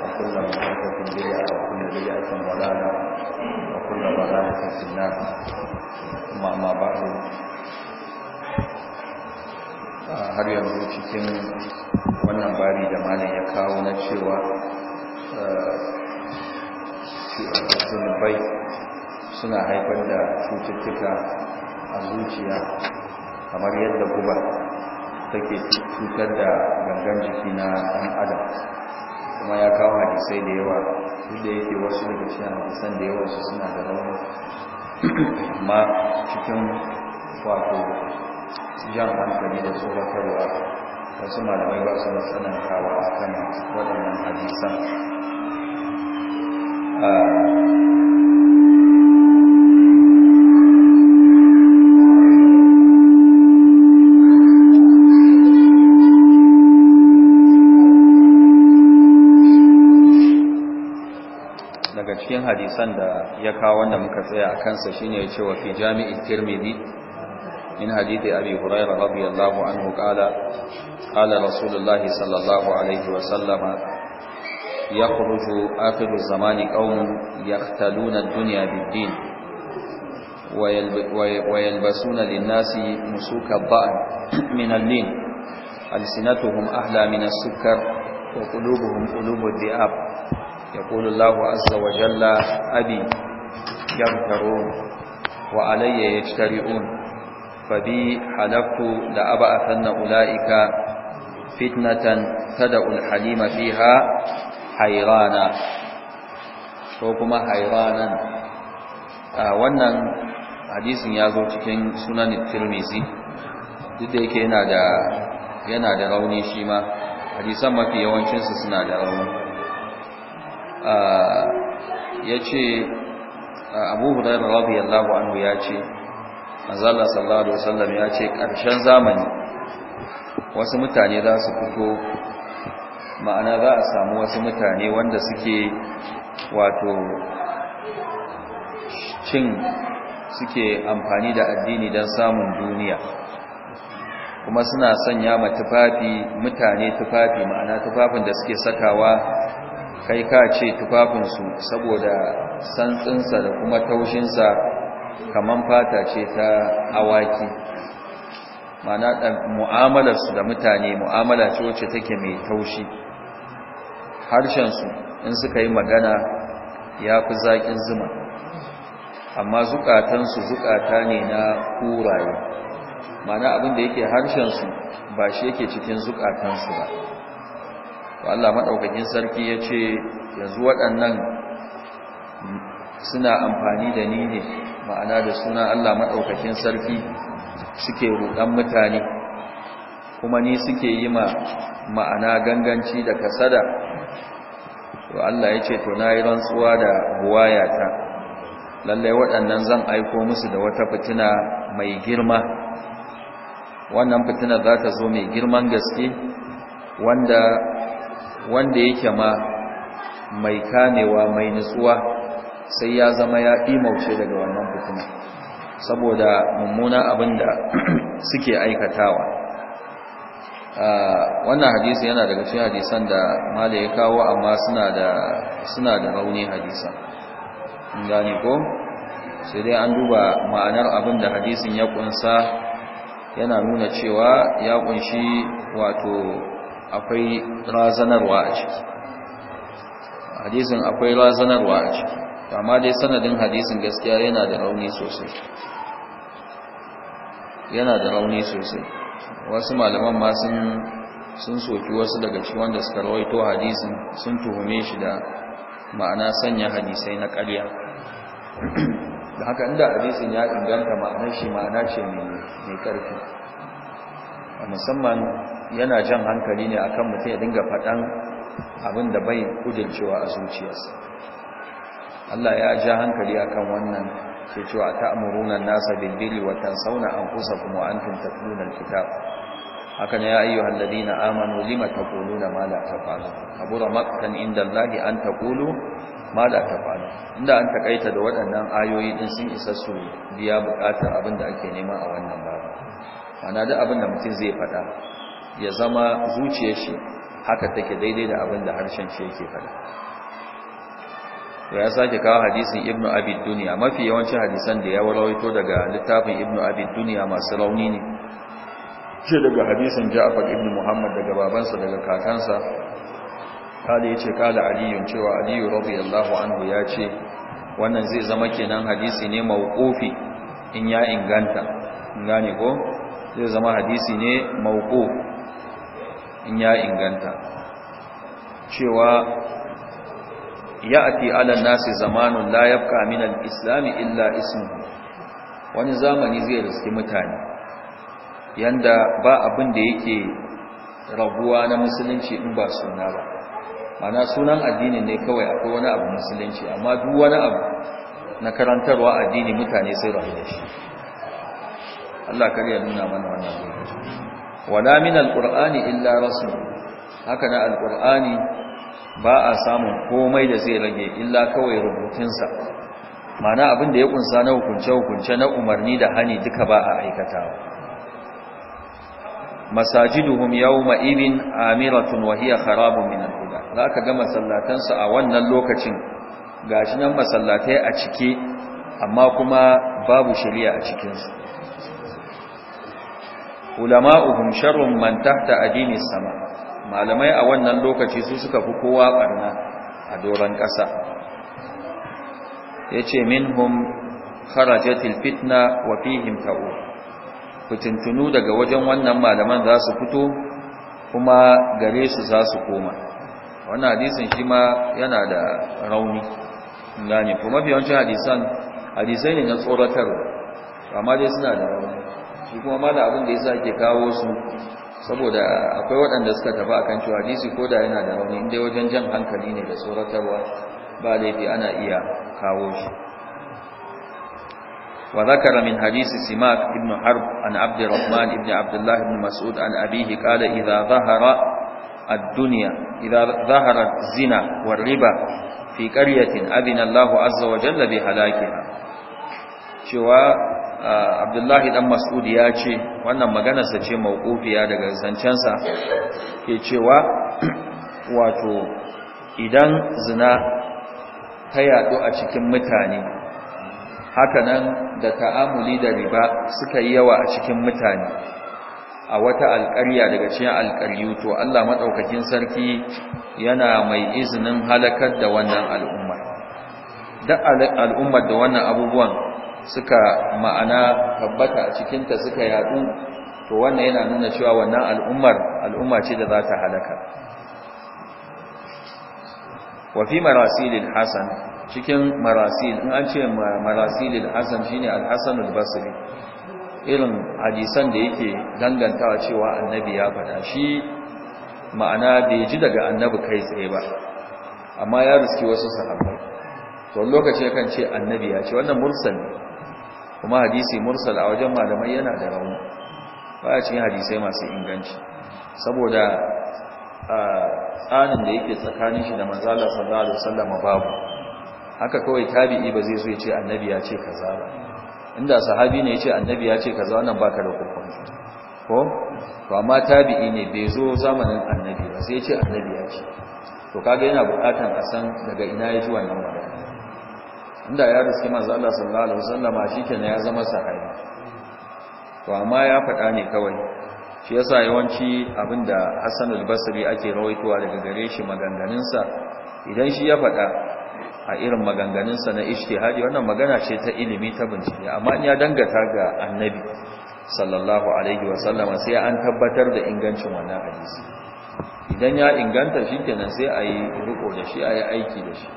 وكل محدثة بدعة وكل بدعة ضلالة وكل ضلالة في النار ثم أما بعد har yanzu cikin wannan bari da malam ya kawo na cewa zunubai suna haifar da cututtuka a zuciya kamar yadda guba take cutar da gangan jiki na ɗan adam kuma ya kawo hadisai da yawa inda yake wasu daga cikin hadisan da yawa su suna da rauni amma cikin wato jan hankali da tsoratarwa wasu malamai ba su da kawo a kan waɗannan hadisan ah, cikin hadisan da ya kawo wanda muka tsaya a kansa shine ya ce wa fi jami'i tirmidhi min hadithi abi hurairah radiyallahu anhu qala qala rasulullahi sallallahu alaihi wa sallama yakhruju akhiru zamani qaumun yaqtaluna ad-dunya bid-din ويلبسون للناس al الضأن من اللين ألسنتهم أحلى من السكر وقلوبهم قلوب الذئاب يقول الله عز وجل أبي يغفرون وعلي يجترئون فبي حلفت لأبعثن أولئك فتنة تدأ الحليم فيها حيرانا فوقما حيرانا wannan hadisin ya zo cikin sunan tirmizi duk da yana da rauni shi ma hadisan mafi yawancinsu suna da rauni ya ce abu hudar radiyallahu anhu ya ce manzala sallallahu alaihi wasallam ya ce ƙarshen zamani wasu mutane za su fito ma'ana za a samu wasu mutane wanda suke wato cin suke amfani da addini don samun duniya kuma suna sanya ma tufafi mutane tufafi ma'ana tufafin da suke sakawa kai ka ce tufafinsu saboda santsinsa da kuma taushinsa kamar fata ce ta awaki mana mu'amalarsu da mutane mu'amala ce wacce take mai taushi harshensu in suka yi magana ya fi zaƙin zuma amma zukatansu zukata ne na kuraye mana abinda da yake harshensu ba shi yake cikin zukatansu ba Allah maɗaukakin sarki ya ce yanzu waɗannan suna amfani da ni ne ma'ana da suna Allah maɗaukakin sarki suke ruɗan mutane kuma ni suke yi ma ma'ana ganganci da kasada to Allah ya ce to na yi rantsuwa da buwayata lallai waɗannan zan aiko musu da wata fitina mai girma wannan fitina za ta zo mai girman gaske wanda wanda yake ma mai kamewa mai nutsuwa sai ya zama ya mauce daga wannan fitina saboda mummuna abin da suke aikatawa wannan hadisi yana daga cikin hadisan da mala ya kawo amma suna da suna da rauni hadisan gani ko sai dai an duba ma'anar abin da hadisin ya kunsa yana nuna cewa ya kunshi wato akwai razanarwa a ciki hadisin akwai razanarwa a ciki amma dai sanadin hadisin gaskiya yana da rauni sosai yana da rauni sosai wasu malaman ma sun soki wasu daga ci wanda suka rawaito hadisin sun tuhume shi da ma'ana sanya hadisai na ƙarya da haka inda hadisin ya inganta ma'anar shi ma'ana ce mai ƙarfi A musamman yana jan hankali ne akan mutum ya dinga faɗan abin da bai kudircewa a zuciyarsa Allah ya ja hankali akan wannan ke cewa ta an-nasa bil birri wa tansawna anfusakum wa antum tatluna al-kitab hakan ya ayyu halladina amanu lima taquluna ma la taf'alun abura makkan inda Allah an taqulu ma la taf'alun inda an takaita da waɗannan ayoyi din sun isa su biya bukatar abin da ake nema a wannan babu ana da abin da mutum zai faɗa ya zama zuciya shi haka take daidai da abin da harshen shi yake faɗa ya sake kawo hadisin ibnu abi dunya mafi yawancin hadisan da ya rawaito daga littafin ibnu abi dunya masu rauni ne ce daga hadisin ja'far ibnu muhammad daga babansa daga kakansa kada yace kala aliyun cewa aliyu radiyallahu anhu ya ce wannan zai zama kenan hadisi ne mawqufi in ya inganta gane ko zai zama hadisi ne mawquf in ya inganta cewa ya ati ala nasi zamanun la yabqa min al islami illa ismuhu wani zamani zai riski mutane yanda ba abin da yake raguwa na musulunci in ba suna ba mana sunan addini ne kawai akwai wani abu musulunci amma duk wani abu na karantarwa addini mutane sai rabu da shi Allah kariya ya nuna mana wannan wala min alqur'ani illa rasul haka na alqur'ani ba a samun komai da zai rage illa kawai rubutunsa mana abin da ya kunsa na hukunce-hukunce na umarni da hani duka ba a aikatawa masajiduhum yawma idin amiratun wa hiya kharabun min al-huda zaka ga masallatansu a wannan lokacin gashi nan masallatai a cike amma kuma babu shari'a a cikin su ulama'uhum sharrun man tahta adini sama malamai a wannan lokaci su suka fi kowa barna a doron ƙasa yace minhum kharajatil fitna wa fihim ta'u fitintunu daga wajen wannan malaman za su fito kuma gare su za su koma wannan hadisin shi ma yana da rauni gane kuma biyancin hadisan hadisai ne na tsoratar amma dai suna da rauni shi kuma mala abin da yasa ake kawo su saboda akwai waɗanda suka tafi akan cewa hadisi ko da yana da rauni inda wajen jan hankali ne da tsoratarwa ba laifi ana iya kawo shi wa zakara min hadisi simak ibn harb an abd ibn abdullah ibn mas'ud an abihi qala idza zahara ad-dunya zahara zina wa riba fi qaryatin adina Allahu azza wa jalla bi halakiha cewa Ah, abdullahi dan mas'ud ya ce wannan sa ce mawqufiya daga zancensa ke cewa wato idan zina ta yadu a cikin mutane hakanan da ta'amuli da riba suka yi yawa a cikin mutane a wata alƙarya daga cikin alƙaryu to Allah madaukakin sarki yana mai izinin halakar da wannan al'umma da al'ummar da wannan abubuwan suka ma'ana tabbata a cikinta suka yadu to wannan yana nuna cewa wannan al'ummar al'umma ce da za ta halaka Wafi fi marasilil hasan cikin marasil in an ce marasilil hasan shine al-hasan al-basri irin hadisan da yake dangantawa cewa annabi ya faɗa shi ma'ana bai ji daga annabi kai tsaye ba amma ya riski wasu sahabbai to lokaci kan ce annabi ya ce wannan mursal kuma hadisi mursal a wajen malamai yana da rauni ba a cikin hadisai masu inganci saboda tsanin da yake tsakanin shi da manzala sallallahu alaihi wasallam babu haka kawai tabi'i ba zai zo ya ce annabi ya ce kaza ba inda sahabi ne ya ce annabi ya ce kaza wannan baka da kokonto ko to amma tabi'i ne bai zo zamanin annabi ba sai ya ce annabi ya ce to kaga yana bukatan a san daga ina ya ji wannan magana inda ya riske manzo Allah sallallahu alaihi wasallam shikenan ya zama sahabi to amma ya faɗa ne kawai shi yasa yawanci abinda Hassan al-Basri ake rawaitowa daga gare shi maganganunsa idan shi ya faɗa a irin maganganunsa na ijtihadi wannan magana ce ta ilimi ta bincike amma in ya dangata ga annabi sallallahu alaihi wasallam sai an tabbatar da ingancin wannan hadisi idan ya inganta shikenan sai a yi riko da shi a yi aiki da shi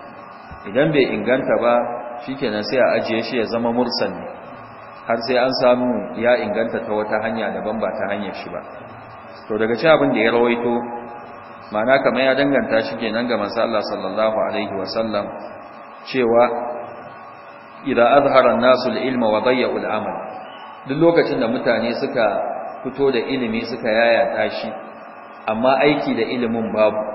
idan bai inganta ba shikenan sai a ajiye shi ya zama mursal har sai an samu ya inganta ta wata hanya daban ba ta hanyar shi ba to daga ci abin da ya rawaito ma'ana kamar ya danganta shi kenan ga manzo Allah sallallahu alaihi wasallam cewa idan azhara an-nasu al-ilma wa dayya'u al duk lokacin da mutane suka fito da ilimi suka yaya tashi, amma aiki da ilimin babu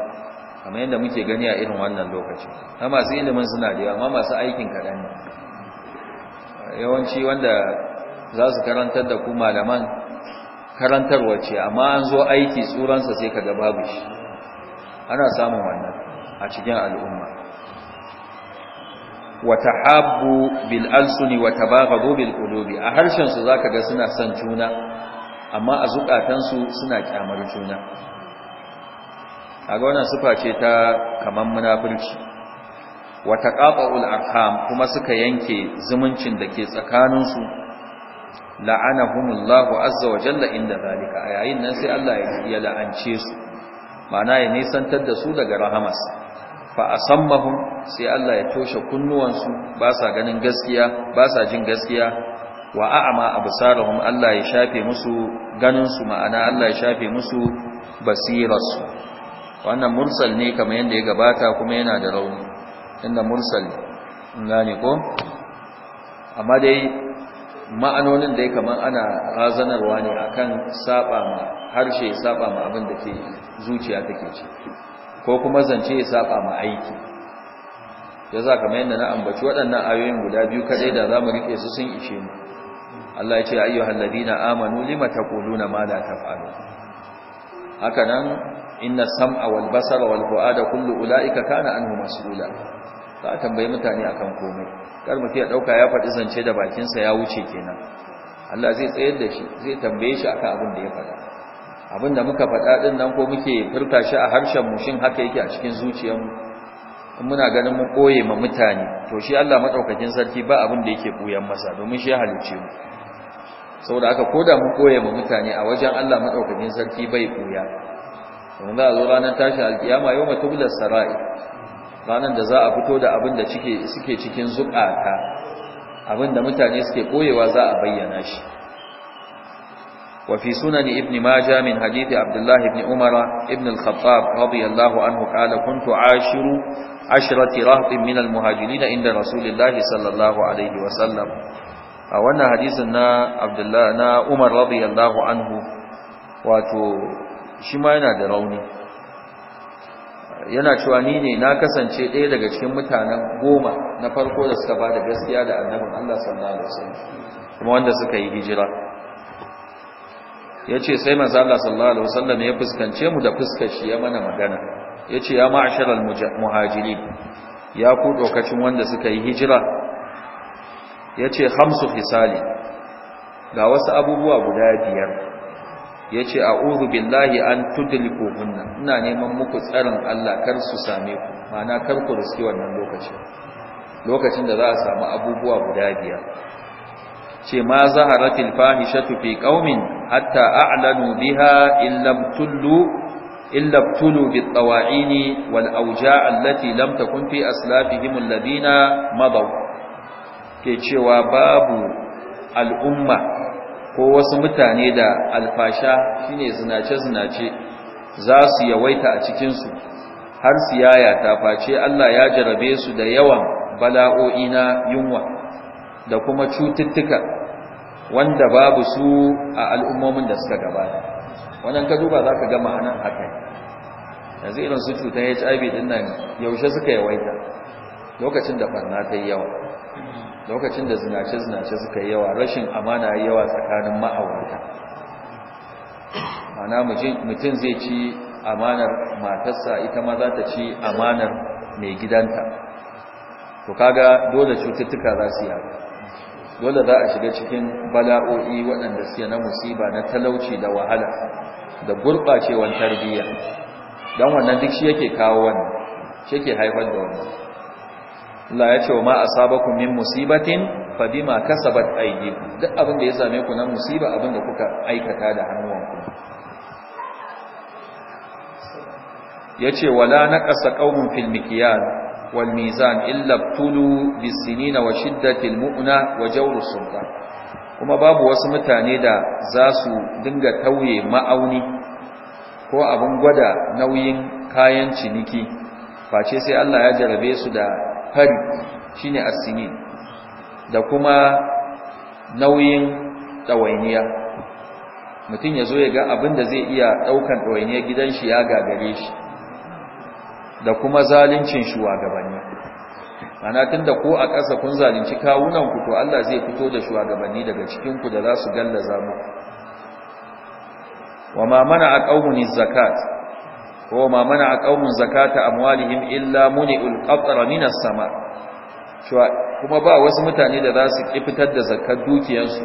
kamar yadda muke gani a irin wannan lokaci ta masu ilimin suna da yawa amma masu aikin kaɗan ne yawanci wanda za su karantar da ku malaman karantarwa ce amma an zo aiki tsuransa sai ka babu shi ana samun wannan a cikin al'umma wata habu wa wata bagado bil'udobi a harshen su ka ga suna son juna amma a zukatansu suna kyamar juna kaga wannan sifa ce ta kaman munafurci wa taqaba'ul arham kuma suka yanke zumuncin da ke tsakaninsu. su la'anahumullahu azza wa jalla inda zalika a yayin nan sai Allah ya la'ance su ma'ana ya nisantar da su daga rahamas fa asammahum sai Allah ya toshe kunnuwansu ba sa ganin gaskiya ba sa jin gaskiya wa a'ma absarahum Allah ya shafe musu ganin su ma'ana Allah ya shafe musu basirarsu wannan mursal ne kamar yadda ya gabata kuma yana da rauni inda mursal in gane ko amma dai ma'anonin dai kamar ana razanarwa ne akan saba ma harshe ya saba ma abin da ke zuciya take ci ko kuma zance ya saba ma aiki ya za kamar yadda na ambaci waɗannan ayoyin guda biyu kaɗai da za mu riƙe su sun ishe mu Allah ya ce ayyuhal ladina amanu lima taquluna ma la taf'alun haka nan inna sam'a wal basara wal fu'ada kullu ulaika kana anhu mas'ula za a tambayi mutane akan komai kar mutum ya dauka ya faɗi zance da bakinsa ya wuce kenan Allah zai tsayar da shi zai tambaye shi akan abin da ya faɗa abin da muka faɗa din nan ko muke furta shi a harshen mu shin haka yake a cikin zuciyarmu in muna ganin mu koye ma mutane to shi Allah madaukakin sarki ba abin da yake buyan masa domin shi ya halice mu saboda aka koda mu koye ma mutane a wajen Allah madaukakin sarki bai buya domin za a zo ranar tashin alkiyama yau matubular sarai ranar da za a fito da abin da suke cikin zukata abin da mutane suke koyewa za a bayyana shi وفي سنن ابن ماجه من حديث عبد الله بن عمر ابن الخطاب رضي الله عنه قال كنت عاشر عشرة رهط من المهاجرين عند رسول الله صلى الله عليه وسلم وانا حديثنا عبد الله نا عمر رضي الله عنه واتو shi ma yana da rauni yana cewa ni ne na kasance ɗaya daga cikin mutanen goma na farko da suka ba da gaskiya da annabin Allah sallallahu alaihi wasallam kuma wanda suka yi hijira yace sai manzo Allah sallallahu alaihi wasallam ya fuskance mu da fuskar shi ya mana magana yace ya ma'asharal muhajirin ya ku dokacin wanda suka yi hijira yace khamsu Fisali ga wasu abubuwa guda biyar ya ce uru billahi an tudliku hunna ina neman muku tsarin Allah kar su same ku ma'ana kar ku riski wannan lokacin lokacin da za a samu abubuwa guda biyar ce ma zaharatil fahishatu fi qaumin hatta a'lanu biha illam tullu illa tulu bit tawa'ini wal awja' allati lam takun fi aslafihim alladhina madaw ke cewa babu al'umma ko wasu mutane da alfasha shine zinace-zinace za su yawaita a cikinsu har su yaya ta face Allah ya jarabe su da yawan bala'o'i na yunwa da kuma cututtuka wanda babu su a al'ummomin da suka gabata wannan ka duba za ka ga ma'anar akai yanzu irin su cutar hiv din nan yaushe suka yawaita lokacin da barna ta yi yawa lokacin da zinace-zinace suka yi yawa rashin amana ya yawa tsakanin ma'aurata mana mutum zai ci amanar matarsa ita ma za ta ci amanar mai gidanta to kaga dole cututtuka za su yawa dole za a shiga cikin bala'o'i waɗanda suke na musiba na talauci da wahala da gurɓacewar tarbiyya don wannan duk shi yake kawo wannan shi yake haifar da wannan Allah ya ce wa ma asabakum min musibatin fa bima kasabat aydikum duk abin da ya same ku na musiba abin da kuka aikata da hannuwanku ce, wala naqasa qaumun fil mikyal wal mizan illa tulu wa shiddatil mu'na wa jawru sultan kuma babu wasu mutane da za su dinga tauye ma'auni ko abin gwada nauyin kayan ciniki face sai Allah ya jarabe su da hari shine as da kuma nauyin tsawainiya mutum ya zo ya ga abin da zai iya ɗaukan tsawainiya gidan shi ya gagare shi da kuma zaluncin shugabanni ana tun da ko a ƙasa kun zalunci kawunanku to Allah zai fito da shugabanni daga cikinku da za su gallaza muku wa ma mana a ƙaunin zakat ko ma mana qaumun zakata amwalihim illa muni'ul qatra minas sama kuma ba wasu mutane da za su kifitar da zakar dukiyarsu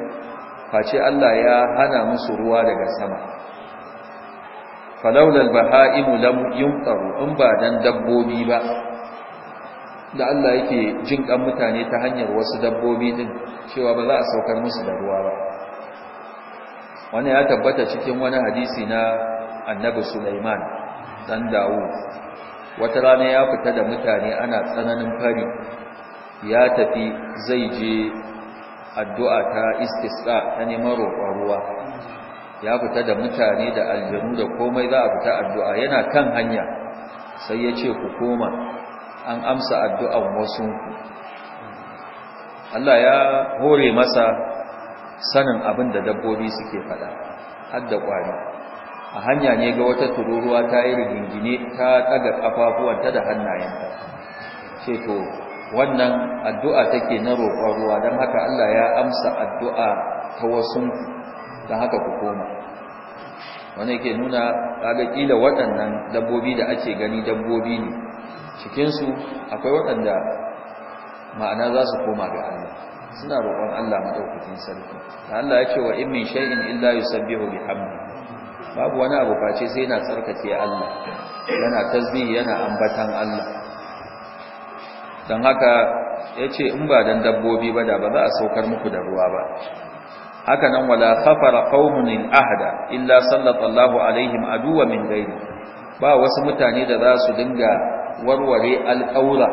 face Allah ya hana musu ruwa daga sama falaula albahaimu lam yumtaru in ba dan dabbobi ba da Allah yake jin kan mutane ta hanyar wasu dabbobi din cewa ba za a saukar musu da ruwa ba wannan ya tabbata cikin wani hadisi na annabi Sulaiman dan dawo wata rana ya fita da mutane ana tsananin fari ya tafi zai je addu'a ta istisqa ta neman roƙon ruwa ya fita da mutane da aljanu da komai za a fita addu'a yana kan hanya sai ya ce ku koma an amsa addu'an wasu Allah ya hore masa sanin abin da dabbobi suke faɗa har da ƙwari a hanya ne ga wata tururuwa ta yi rigingine ta ɗaga ƙafafuwanta da hannayenta ce to wannan addu'a take na roƙon ruwa don haka Allah ya amsa addu'a ta wasu don haka ku koma wani ke nuna kaga kila waɗannan dabbobi da ake gani dabbobi ne cikinsu akwai waɗanda ma'ana za su koma ga Allah suna roƙon Allah maɗaukakin sarki da Allah ya ce wa in min shay'in illa yusabbihu bihamdihi babu wani abu face sai yana tsarkake Allah yana tasbihi yana ambatan Allah dan haka yace in ba dan dabbobi ba da ba za a saukar muku da ruwa ba haka nan wala khafara qaumun in ahada illa sallallahu alaihim aduwa min gairi ba wasu mutane da za su dinga warware alƙaura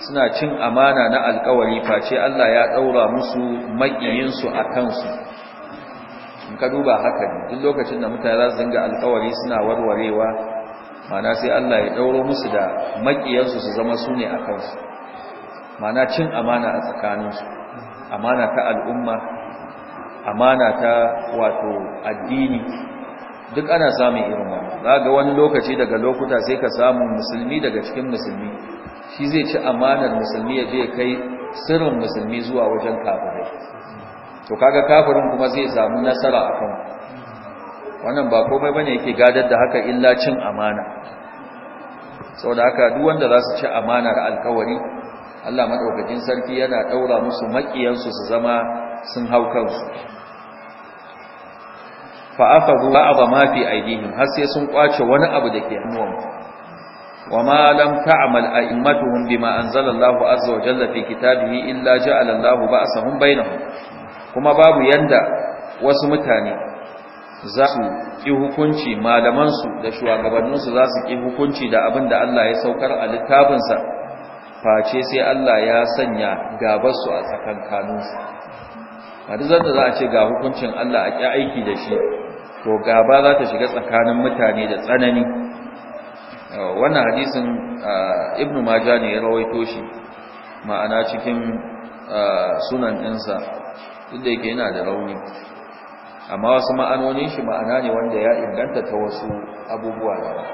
suna cin amana na alƙawari face Allah ya daura musu makiyinsu a kansu in ka duba haka ne duk lokacin da mutane za su dinga alkawari suna warwarewa mana sai Allah ya dauro musu da makiyansu su zama su ne a kansu mana cin amana a tsakaninsu amana ta al'umma amana ta wato addini duk ana samun irin wannan za ga wani lokaci daga lokuta sai ka samu musulmi daga cikin musulmi shi zai ci amanar musulmi ya je kai sirrin musulmi zuwa wajen kafirai to kaga kafirin kuma zai samu nasara a kan wannan ba komai bane yake gadar da haka illa cin amana saboda haka duk wanda za su ci amanar alkawari Allah madaukakin sarki yana daura musu makiyansu su zama sun hau kansu fa akhadhu ba'd ma fi aydihim har sai sun kwace wani abu da ke hannuwansu وما لم تعمل أئمتهم بما أنزل الله عز وجل في كتابه إلا جعل الله بأسهم بينهم kuma babu yanda wasu mutane za su ƙi hukunci malamansu da shugabanninsu za su ƙi hukunci da abin da Allah ya saukar a littafinsa face sai Allah ya sanya gabarsu a tsakankaninsu a duk zanda za a ce ga hukuncin Allah a ƙi aiki da shi to gaba za ta shiga tsakanin mutane da tsanani wannan hadisin Ibn majani ne ya rawaito shi ma'ana cikin sunan ɗinsa tunda yake yana da rauni amma wasu ma'anonin shi ma'ana ne wanda ya inganta ta wasu abubuwa da ba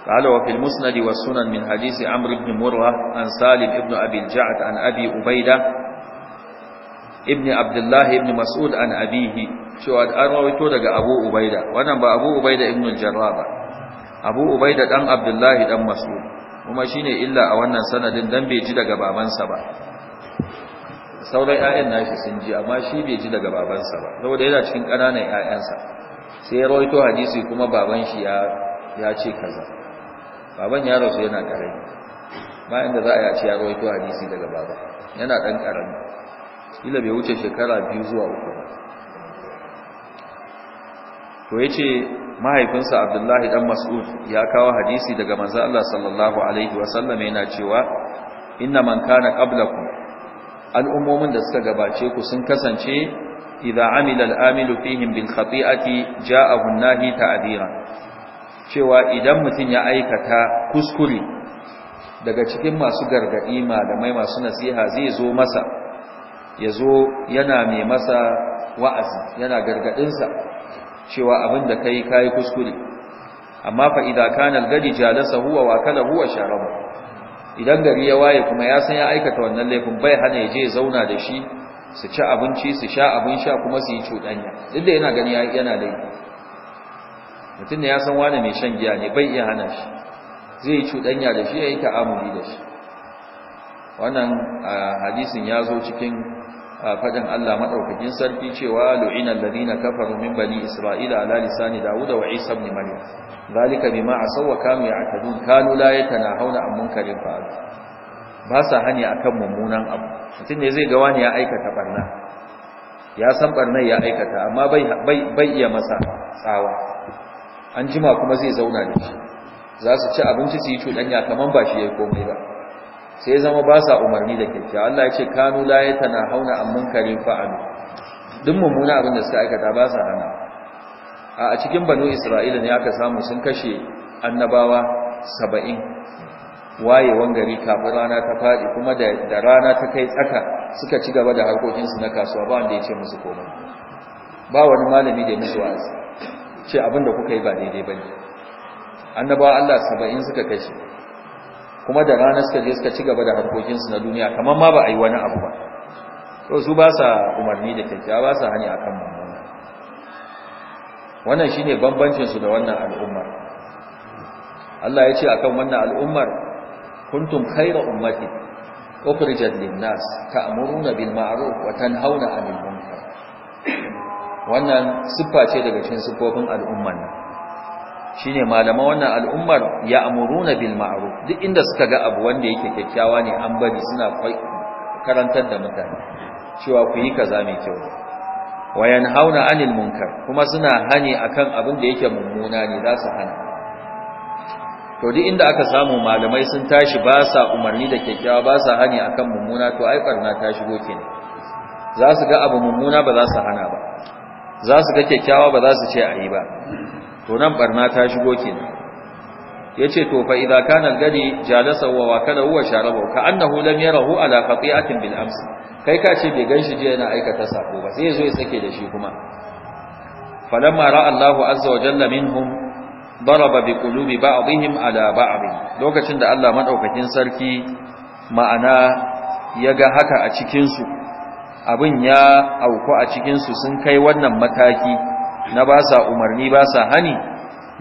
قال وفي المسند والسنن من حديث عمرو بن مروه عن سالم بن ابي الجعد عن ابي عبيده ابن عبد الله بن مسعود daga abu ubaida wannan ba abu ubaida ibn al abu ubaida dan abdullah dan mas'ud kuma shine illa a wannan sanadin dan bai ji daga babansa ba sauran 'ya'yan nashi sun ji amma shi bai ji daga babansa ba saboda yana cikin ƙananan 'ya'yansa sai ya rawaito hadisi kuma baban shi ya ce kaza baban ya rasu yana ƙarami ba inda za a yace ya rawaito hadisi daga baba yana ɗan ƙarami ila bai wuce shekara biyu zuwa uku ba to ya ce mahaifinsa abdullahi dan mas'ud ya kawo hadisi daga manzo Allah sallallahu alaihi wasallam yana cewa inna man kana qablakum al'ummomin da suka gabace ku sun kasance idza amila amilu fihim bil khati'ati ja'ahu an-nahi ta'dira cewa idan mutum ya aikata kuskure daga cikin masu gargadi malamai masu nasiha zai zo masa ya zo yana mai masa wa'azi yana gargadin sa cewa abinda kai kai kuskure amma fa idza kana al-gadi jalasa huwa wa kala huwa sharaba idan gari ya waye kuma ya san ya aikata wannan laifin bai hana ya je zauna da shi su ci abinci su sha abin sha kuma su yi cuɗanya duk da yana gani yana laifi mutum ne ya san wani mai shan giya ne bai iya hana shi zai yi cuɗanya da shi ya yi ta'amuli da shi wannan hadisin ya zo cikin fadan Allah madaukakin sarki cewa lu'ina alladhina kafaru min bani isra'ila ala lisani dauda wa isa ibn maryam zalika bima a wa kanu ya'tadun kanu la yatanahawna an munkarin fa ba sa hani akan mummunan abu mutum ne zai ga wani ya aikata barna ya san barnar ya aikata amma bai bai iya masa tsawa an jima kuma zai zauna da shi za su ci abinci su yi cuɗanya kamar ba shi ya yi komai ba sai zama ba sa umarni da kyakkyawa Allah ya ce kanu la hauna an munkarin fa'alu duk mummuna abin da suka aikata ba sa hana a cikin banu Isra'ila ne aka samu sun kashe annabawa 70 wayewan gari kafin rana ta fadi kuma da rana ta kai tsaka suka ci gaba da harkokinsu na kasuwa ba wanda ya ce musu komai ba wani malami da musu wa'azi ce abin da kuka yi ba daidai bane annabawa Allah saba'in suka kashe kuma da ranar suka je suka ci gaba da harkokinsu na duniya kamar ma ba a yi wani abu ba to su ba sa umarni da kyakkyawa ba sa hani a kan mummuna wannan shi ne bambancinsu da wannan al'ummar Allah ya ce a kan wannan al'ummar kuntum khaira ummati ukhrijat lin-nas ta'muruna bil ma'ruf wa tanhauna 'anil munkar wannan siffa ce daga cikin siffofin al'ummar nan shine malaman wannan al'ummar ya'muruna bil ma'ruf duk inda suka ga abu wanda yake kyakkyawa ne an bari suna karantar da mutane cewa ku yi kaza mai kyau wa yanhauna 'anil munkar kuma suna hani akan abin da yake mummuna ne za su hana to duk inda aka samu malamai sun tashi ba sa umarni da kyakkyawa ba sa hani akan mummuna to ai barna ta shigo kenan za su ga abu mummuna ba za su hana ba za su ga kyakkyawa ba za su ce a yi ba to nan barna ta shigo kenan yace to fa idza kana al-gadi jalasa wa wakala huwa sharabahu ka annahu lam yarahu ala qati'atin bil ams kai ka ce bai ganshi je yana aikata sako ba sai yazo ya sake da shi kuma falamma ra'a Allahu azza wa jalla minhum daraba bi qulubi ba'dihim ala ba'd lokacin da Allah madaukakin sarki ma'ana ya ga haka a cikin su abin ya auku a cikin su sun kai wannan mataki na ba sa umarni ba sa hani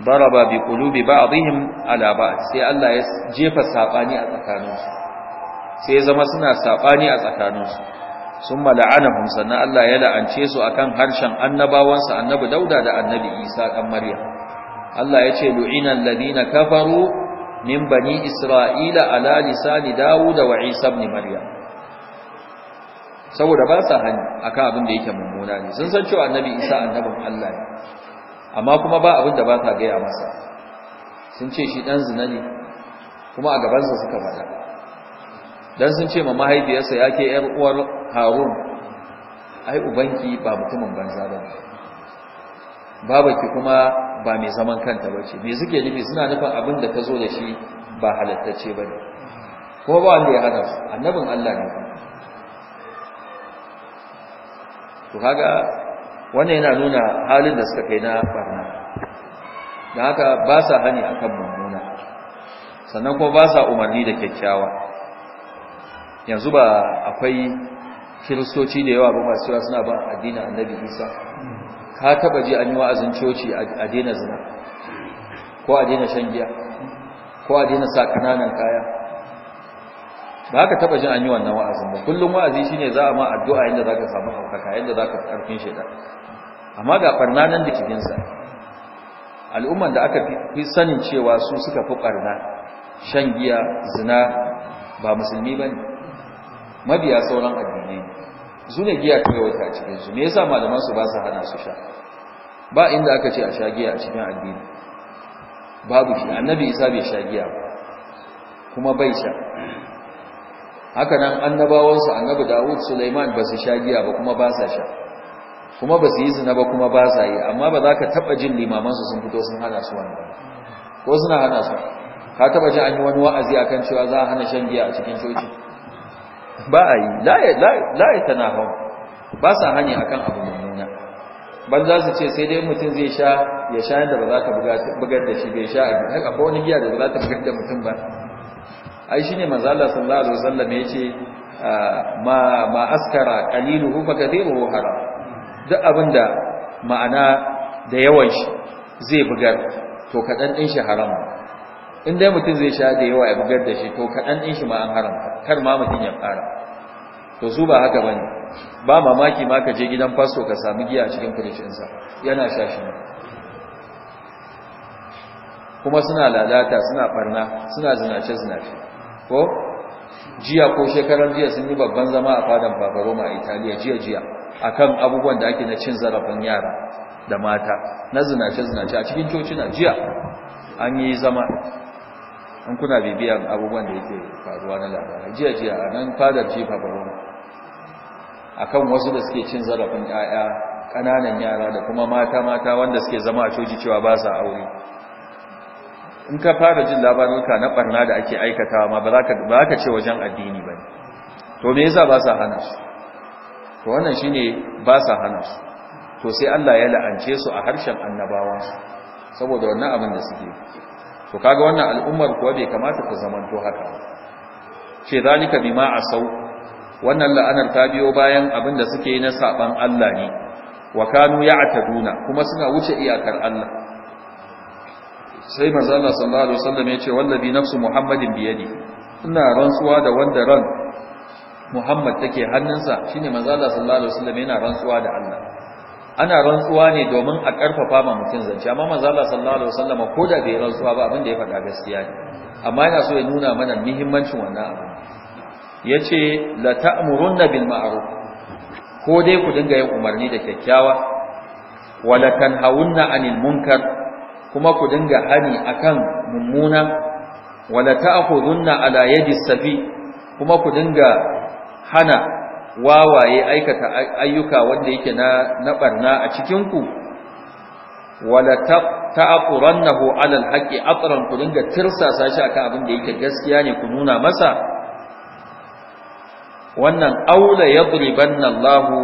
baraba bi qulubi ba'dihim ala ba'd sai Allah ya jefa sabani a tsakaninsu sai ya zama suna sabani a tsakaninsu sun mala'anahum sannan Allah ya la'ance su akan harshen annabawansa annabi Dauda da annabi Isa dan Maryam Allah ya ce lu'inal ladina kafaru min bani isra'ila ala lisani Dawud wa Isa ibn Maryam saboda ba sa hani akan abin da yake mummuna ne sun san cewa annabi isa annabin Allah ne amma kuma ba abin da ba ta gaya masa sun ce shi ɗan zina ne kuma a gabansa suka faɗa dan sun ce ma mahaifiyarsa yake yar uwar harun ai ubanki ba mutumin banza ba ne. babaki kuma ba mai zaman kanta ba ce, me suke nufi suna nufin abin da ta zo da shi ba halattacce ne kuma ba wanda ya hana su annabin Allah ne to kaga wannan yana nuna halin da suka kai na barna da haka ba sa hani akan mummuna sannan kuma ba sa umarni da kyakkyawa yanzu ba akwai kiristoci da yawa ba masu yawa suna ba addinin annabi isa ka taba ji an yi wa'azin coci a daina zina ko a daina shan giya ko a daina sa kananan kaya ba ka taba jin an yi wannan wa'azin ba kullum wa'azi shine za a ma addu'a yadda zaka samu haukaka yadda zaka fi karfin shaitan amma ga ɓarna nan da kidin sa al'umman da aka fi sanin cewa su suka fi barna shan giya zina ba musulmi bane mabiya sauran addinai su ne giya ta yawaita a cikin su me yasa malaman su ba su hana su sha ba inda aka ce a sha giya a cikin addini babu shi annabi isa bai sha giya kuma bai sha haka nan annabawansu annabi Dawud Sulaiman ba su sha giya ba kuma ba sa sha kuma ba su yi zina ba kuma ba sa yi amma ba za ka taɓa jin limamansu sun fito sun hana su wani ko suna hana su ka taɓa jin an yi wani wa'azi a kan cewa za a hana shan giya a cikin coci ba a yi la'ayi tana nahon ba sa hani a kan abu mummuna ban za su ce sai dai mutum zai sha ya sha yadda ba za ka bugar da shi bai sha a giya ko wani giya da ba za ta bugar da mutum ba ai shine manzo Allah sallallahu alaihi wasallam yace ah, ma ma askara qaliluhu fa kathiruhu haram duk abinda ma'ana da yawan shi zai bugar to kadan din shi haram in dai mutum zai sha da yawa ya bugar da shi to kadan din shi ma an haram kar ma mutum ya fara to su ba haka bane ba mamaki ma ka je gidan fasto ka samu giya cikin cikin sa yana sha shi kuma suna lalata suna barna suna zinace zinace ko jiya ko shekarar jiya sun yi babban zama a fadan fafaroma a italiya jiya jiya akan abubuwan da ake na cin zarafin yara da mata na zinace-zinace a cikin cocina jiya an yi zama an kuna bibiyan abubuwan da yake faruwa na labarai jiya jiya a nan fadar jefa a akan wasu da suke cin zarafin 'ya'ya ƙananan yara da kuma mata-mata wanda suke zama a coci cewa ba sa aure in ka fara jin labaruka na barna da ake aikatawa ma ba za ka ce wajen addini ba to me yasa ba sa hana su to wannan shine ba sa hana su to sai Allah ya la'ance su a harshen su. saboda wannan abin da suke to kaga wannan al'ummar kuwa bai kamata ta zamanto haka ce zalika bima asau wannan la'anar ta biyo bayan abin da suke yi na saban Allah ne wa kanu ya'taduna kuma suna wuce iyakar Allah sai manzo Allah sallallahu alaihi wasallam ya ce wallabi nafsu muhammadin biyadi ina rantsuwa da wanda ran muhammad take hannunsa shine manzo Allah sallallahu alaihi wasallam yana rantsuwa da Allah ana rantsuwa ne domin a karfafa ma mutum zance amma manzo sallallahu alaihi wasallam ko da bai rantsuwa ba abin da ya faɗa gaskiya ne amma yana so ya nuna mana muhimmancin wannan abu yace la ta'murunna bil ma'ruf ko dai ku dinga yin umarni da kyakkyawa wala tanhawunna anil munkar kuma ku dinga hani akan mummuna wala ta'khudunna ala yadi safi kuma ku dinga hana wawaye aikata ayyuka wanda yake na na barna a cikin ku wala ta'qurannahu ala alhaqi atran ku dinga tirsasa shi akan abin da yake gaskiya ne ku nuna masa wannan aula yadribanna Lahu,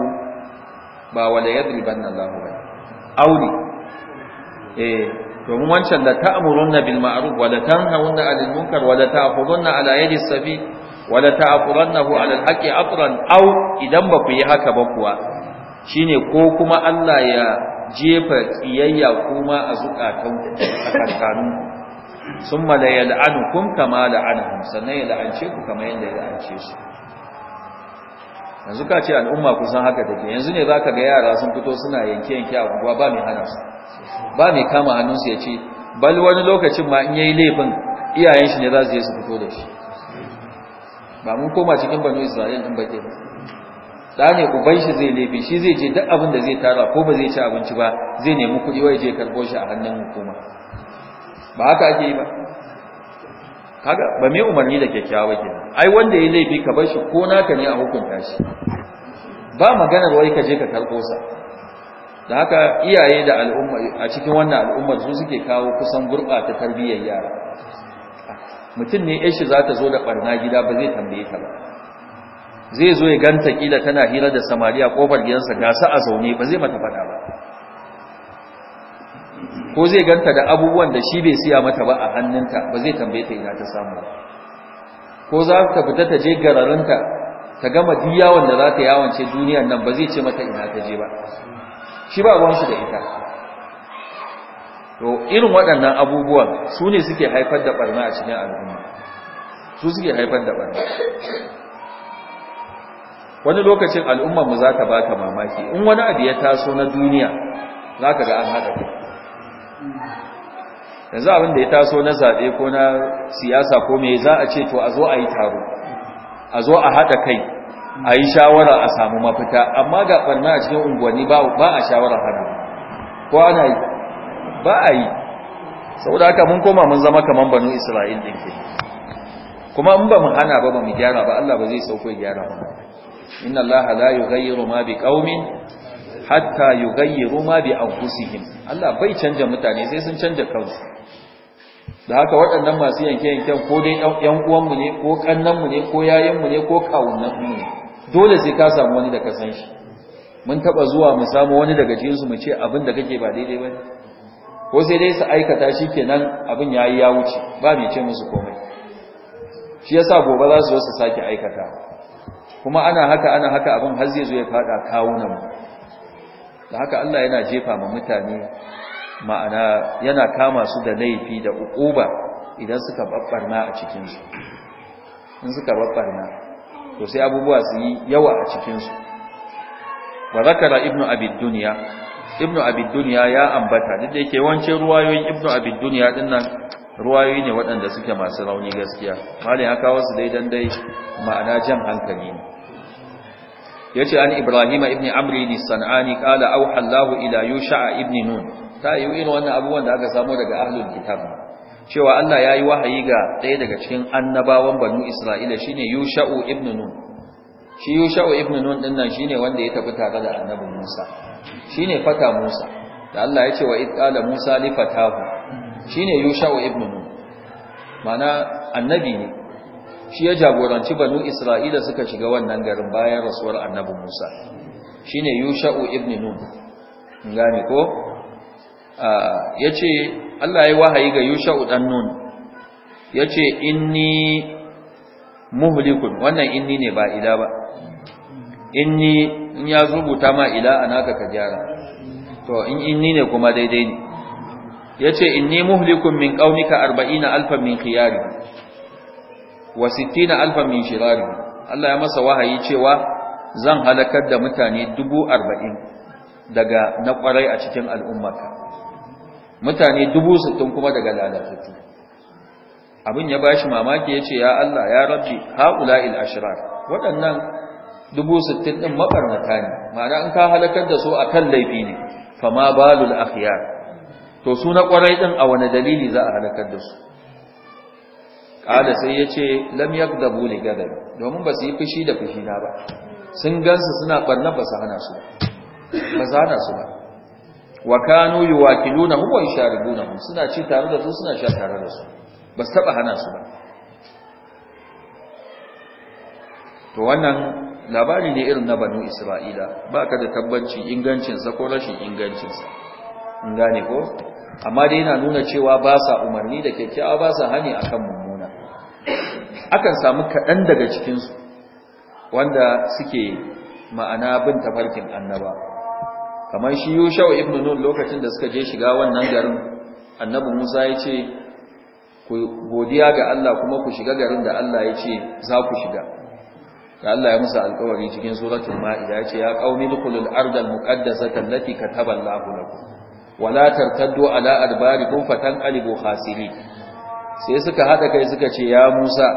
ba wala yadribanna Lahu ba auli eh domin wancan da ta'murunna bil ma'ruf wa la tanhawunna 'anil munkar wa la ta'khudunna 'ala yadi sabi wa la ta'qurannahu 'ala al haqqi atran aw idan ba ku yi haka ba kuwa ne ko kuma Allah ya jefa kiyayya kuma a a zukatan tsakankanin summa la kun kama la'anahum sannan ya la'ance ku kama yadda ya la'ance su yanzu ka ce al'umma kusan haka take yanzu ne zaka ga yara sun fito suna yanke yanke a unguwa ba mai hana su ba mai kama hannunsu ya ce bal wani lokacin ma in yayi laifin iyayen shi ne za su yi su fito da shi ba mun koma cikin banu isra'il din bake ba da ne uban shi zai laifi shi zai je duk abin da zai tara ko ba zai ci abinci ba zai nemi kuɗi wai je karɓo shi a hannun hukuma ba haka ake yi ba kaga ba mai umarni da kyakkyawa ke ai wanda ya laifi ka bar shi ko naka ne a hukunta shi ba maganar wai ka je ka karɓo sa da haka iyaye da al'umma a cikin wannan al'ummar su suke kawo kusan gurɓata tarbiyyar yara mutum ne yashi za ta zo da ɓarna gida ba zai tambaye ta ba zai zo ya ganta kila tana hira da samariya ƙofar gidansa gasa a zaune ba zai mata faɗa ba ko zai ganta da abubuwan da shi bai siya mata ba a hannunta ba zai tambaye ta ina ta samu ko za ta fita ta je gararinta ta gama duk yawon da za ta yawance duniyar nan ba zai ce mata ina ta je ba shi ba ruwansu da ita to irin waɗannan abubuwan su ne suke haifar da ɓarna a cikin al'umma su suke haifar da ɓarna wani lokacin mu za ta ba ta mamaki in wani abu ya taso na duniya za ka ga an haɗa kai yanzu abin da ya taso na zaɓe ko na siyasa ko mai za a ce to a zo a yi taro a zo a haɗa kai a yi shawara a samu mafita amma ga ɓarna a cikin unguwanni ba a shawara hana ko ana yi ba a yi saboda haka mun koma mun zama kamar banu isra'il ɗin ke kuma in ba mu hana ba ba mu gyara ba allah ba zai sauko gyara ba inna allaha la yughayyiru ma bi qaumin hatta yughayyiru ma bi anfusihim allah bai canja mutane sai sun canja kansu da haka waɗannan masu yanke-yanken ko dai ‘yan uwanmu ne ko ƙannanmu ne ko yayanmu ne ko kawunanmu ne dole sai ka samu wani da ka san shi mun taba zuwa mu samu wani daga cikin su mu ce abin da kake ba daidai bane ko sai dai su aikata shi kenan abin ya yi ya wuce ba mai ce musu komai shi yasa gobe za su zo su sake aikata kuma ana haka ana haka abin har zai zo ya fada kawunan mu da haka Allah yana jefa ma mutane ma'ana yana kama su da laifi da ukuba idan suka babbarna a cikin su in suka babbarna to sai abubuwa su yi yawa a cikinsu wa zakara ibnu abid dunya ibnu abid dunya ya ambata duk da yake wance ruwayoyin ibnu abid dunya din nan ruwayoyi ne waɗanda suke masu rauni gaskiya malin ya kawo su dai dan dai ma'ana jan hankali ne yace an ibrahima ibni amri ni sanani qala auha allah ila yusha ibni nun ta yi irin wannan abubuwan da aka samu daga ahlul kitab cewa Allah ya yi wahayi ga ɗaya daga cikin annabawan banu Isra'ila shi ne Yusha'u ibn Nun. Shi Yusha'u ibn Nun ɗin nan shi ne wanda ya tafi tare da annabin Musa, shi ne fata Musa, da Allah ya ce wa ƙala Musa li fatahu, shi ne Yusha'u ibn Nun, mana annabi ne, shi ya jagoranci banu Isra'ila suka shiga wannan garin bayan rasuwar annabin Musa, shi ne Yusha'u ibn Nun, gane ko? Ah, ya ce, Allah ya wahayi ga Yusha'u dan Nun yace inni muhlikun wannan inni ne ba ila ba inni in ya zubuta ma ila anaka ka jara. to in inni ne kuma daidai ne yace inni muhlikun min qaumika 40000 min khiyari wa 60000 min shirari Allah ya masa wahayi cewa zan halakar da mutane 40000 daga na kwarai a cikin al'ummarka mutane dubu sittin kuma daga lalatattu abin ya bashi mamaki ya ce ya Allah ya rabbi il ashirar waɗannan dubu sittin ɗin maɓarnata ne ma'ana in ka halakar da su a kan laifi ne Fa ma balul akhyar to su na ƙwarai ɗin a wani dalili za a halakar da su ƙada sai ya ce lam da li gadab domin ba su yi fushi da fushi na ba sun gansu suna ɓarnar ba su hana su ba su su ba wa kanu yuwakiluna hum wa yasharibuna suna ci tare da su suna sha tare da su ba su taba hana su ba to wannan labari ne irin na banu isra'ila ba ka da tabbaci ingancinsa ko rashin ingancinsa in gane ko amma dai yana nuna cewa ba sa umarni da kyakkyawa ba sa hani akan mummuna akan samu kaɗan daga cikinsu wanda suke ma'ana bin tafarkin annaba kamar shi yushau ibn nun lokacin da suka je shiga wannan garin annabi musa ya ce ku godiya ga Allah kuma ku shiga garin da Allah ya ce za ku shiga da Allah ya musa alkawari cikin suratul ma'ida ya ce ya qaumi dukhulul ardal muqaddasata allati kataba Allahu lakum wala tartaddu ala adbarikum alibu khasiri sai suka hada kai suka ce ya musa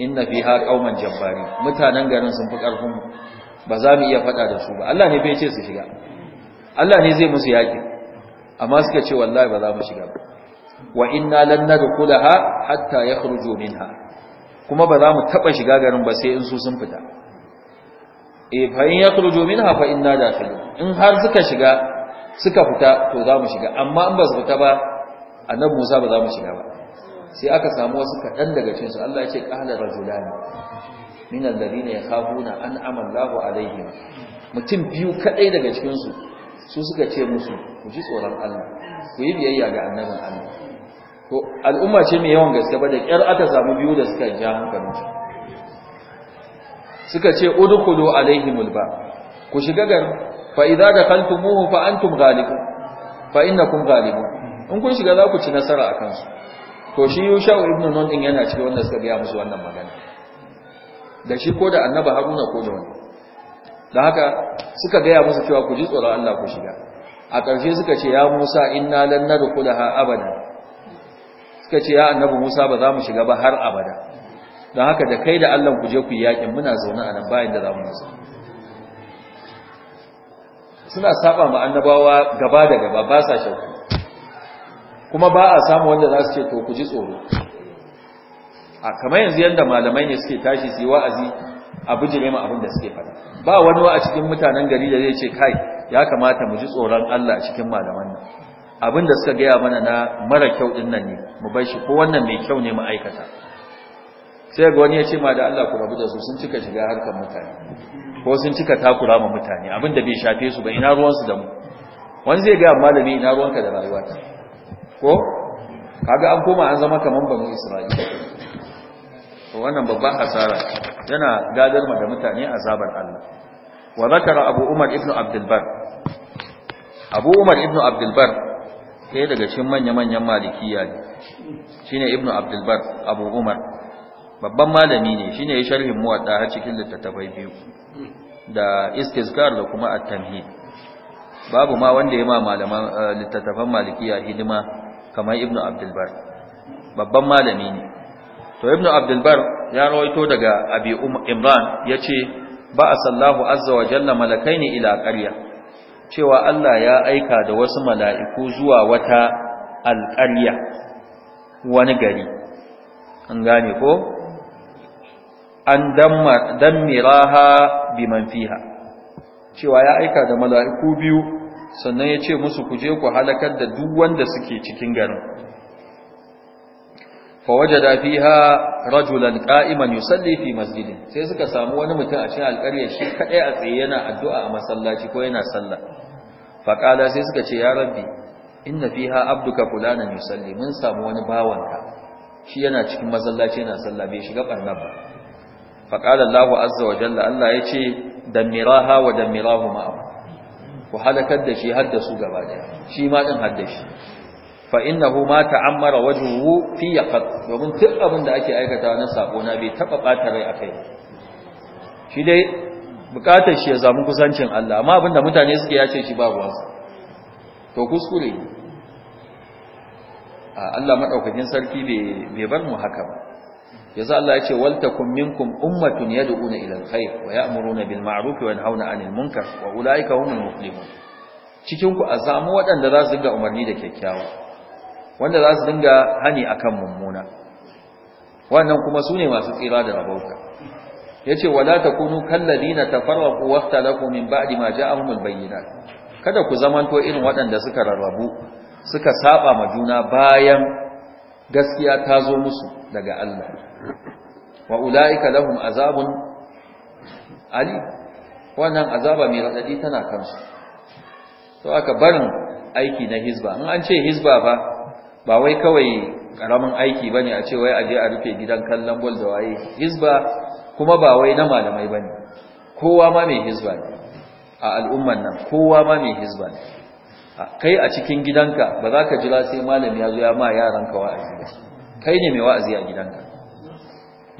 inna fiha qauman jabbari mutanen garin sun fi karfin ba za mu iya fada da su ba Allah ne bai ce su shiga Allah ne zai musu yaƙi amma suka ce wallahi ba za mu shiga ba wa inna lan nadkhulaha hatta yakhruju minha kuma ba za mu taba shiga garin ba sai in su sun fita eh fa in yakhruju minha fa inna dakhilun in har suka shiga suka fita to za mu shiga amma in ba su fita ba annabi Musa ba za mu shiga ba sai aka samu wasu kaɗan daga cikinsu Allah ya ce qala rajulani min alladhina yakhafuna an amalla Allahu alaihim mutum biyu kaɗai daga cikinsu su suka ce musu ku ji tsoron Allah ku yi biyayya ga annabin Allah to al'umma ce mai yawan gaske ba da kyar aka samu biyu da suka ja hankalin su suka ce udkhulu alaihimul ba ku shiga gar fa idza dakhaltumuhu fa antum ghalibun fa innakum ghalibun in kun shiga za ku ci nasara akan su to shi Yusha ibn Nun din yana cikin wanda suka biya musu wannan magana da shi ko da annabi Haruna ko da wani da haka suka gaya musu cewa ku ji tsoron Allah ku shiga a ƙarshe suka ce ya Musa inna lan nadkhulaha abada suka ce ya annabi Musa ba za mu shiga ba har abada don haka da kai da Allah ku je ku yakin muna zaune a nan bayan da za mu musa. suna saba ma annabawa gaba da gaba ba sa shauku kuma ba a samu wanda za su ce to ku ji tsoro a kamar yanzu yadda malamai ne suke tashi su yi wa'azi a bijire ma abin da suke faɗa ba wani wa a cikin mutanen gari da zai ce kai ya kamata mu ji tsoron Allah a cikin malaman nan abin da suka gaya mana na mara kyau din nan ne mu bar shi ko wannan mai kyau ne mu aikata sai ga wani ya ce ma da Allah ku rabu da su sun cika shiga harkar mutane ko sun cika takura ma mutane abin da bai shafe su ba ina ruwan su da mu wani zai gaya malami ina ruwanka da rayuwa ko kaga an koma an zama kaman banu Isra'ila to wannan babban asara yana gadar ma da mutane azabar Allah wa zakara abu umar ibn abdul bar abu umar ibn abdul bar ɗaya daga cikin manya manyan malikiya ne shine ibn abdul bar abu umar babban malami ne shine ya sharhin muwatta har cikin littattafai biyu da istizkar da kuma at-tamhid babu ma wanda ya ma malaman eh, littattafan malikiya hidima kamar ibn abdul bar babban malami ne to ibn abdulbar ya rawaito daga abi um-, imran ya ba a sallahu azza wa jalla malakaini ila qarya cewa Allah ya aika da wasu mala'iku zuwa wata alqarya wani gari an gane ko an damiraha biman fiha cewa ya aika da mala'iku biyu sannan yace ce musu je ku halakar da duk wanda suke cikin garin fawajada fiha rajulan qa'iman yusalli fi masjidin sai suka samu wani mutum a cikin alƙarya shi kadai a tsaye yana addu'a a masallaci ko yana sallah faqala sai suka ce ya rabbi inna fiha abduka fulanan yusalli mun samu wani bawanka shi yana cikin masallaci yana sallah bai shiga barna ba faqala Allahu azza wa jalla Allah ya damiraha wa damirahu ma'a ku halakar da shi har da su gaba daya shi ma din har da shi fa innahu ma ta'ammara wajhuhu fi yaqat domin duk abin da ake aikata na sako na bai taba bata rai akai shi dai bukatar shi ya zamu kusancin Allah amma abinda mutane suke yace shi babu wasu to kuskure Allah madaukakin sarki bai bar mu haka ba yasa Allah ya ce waltakum minkum ummatun yad'una ila alkhair wa ya'muruna bil ma'ruf wa yanhauna 'anil munkar wa ulaika humul muflihun cikin ku azamu waɗanda za su dinga umarni da kyakkyawa wanda za su dinga hani a kan mummuna wannan kuma su ne masu tsira da rabauta ya ce wala ta kunu kalladina ta farraku wafta laku min ba'di ma ja'ahumul bayyinat kada ku zamanto irin waɗanda suka rarrabu suka saba ma juna bayan gaskiya ta zo musu daga Allah wa ulaika lahum azabun ali wannan azaba mai raɗaɗi tana kansu to aka barin aiki na hizba in an ce hizba ba ba wai kawai karamin aiki bane a ce wai aje a rufe gidan kallon bol da waye hizba kuma ba wai na malamai bane kowa ma mai hizba ne a al'ummar nan kowa ma mai hizba ne kai a cikin gidanka ba za ka jira sai malam ya zo ya ma yaranka wa'azi ba kai ne mai wa'azi a gidanka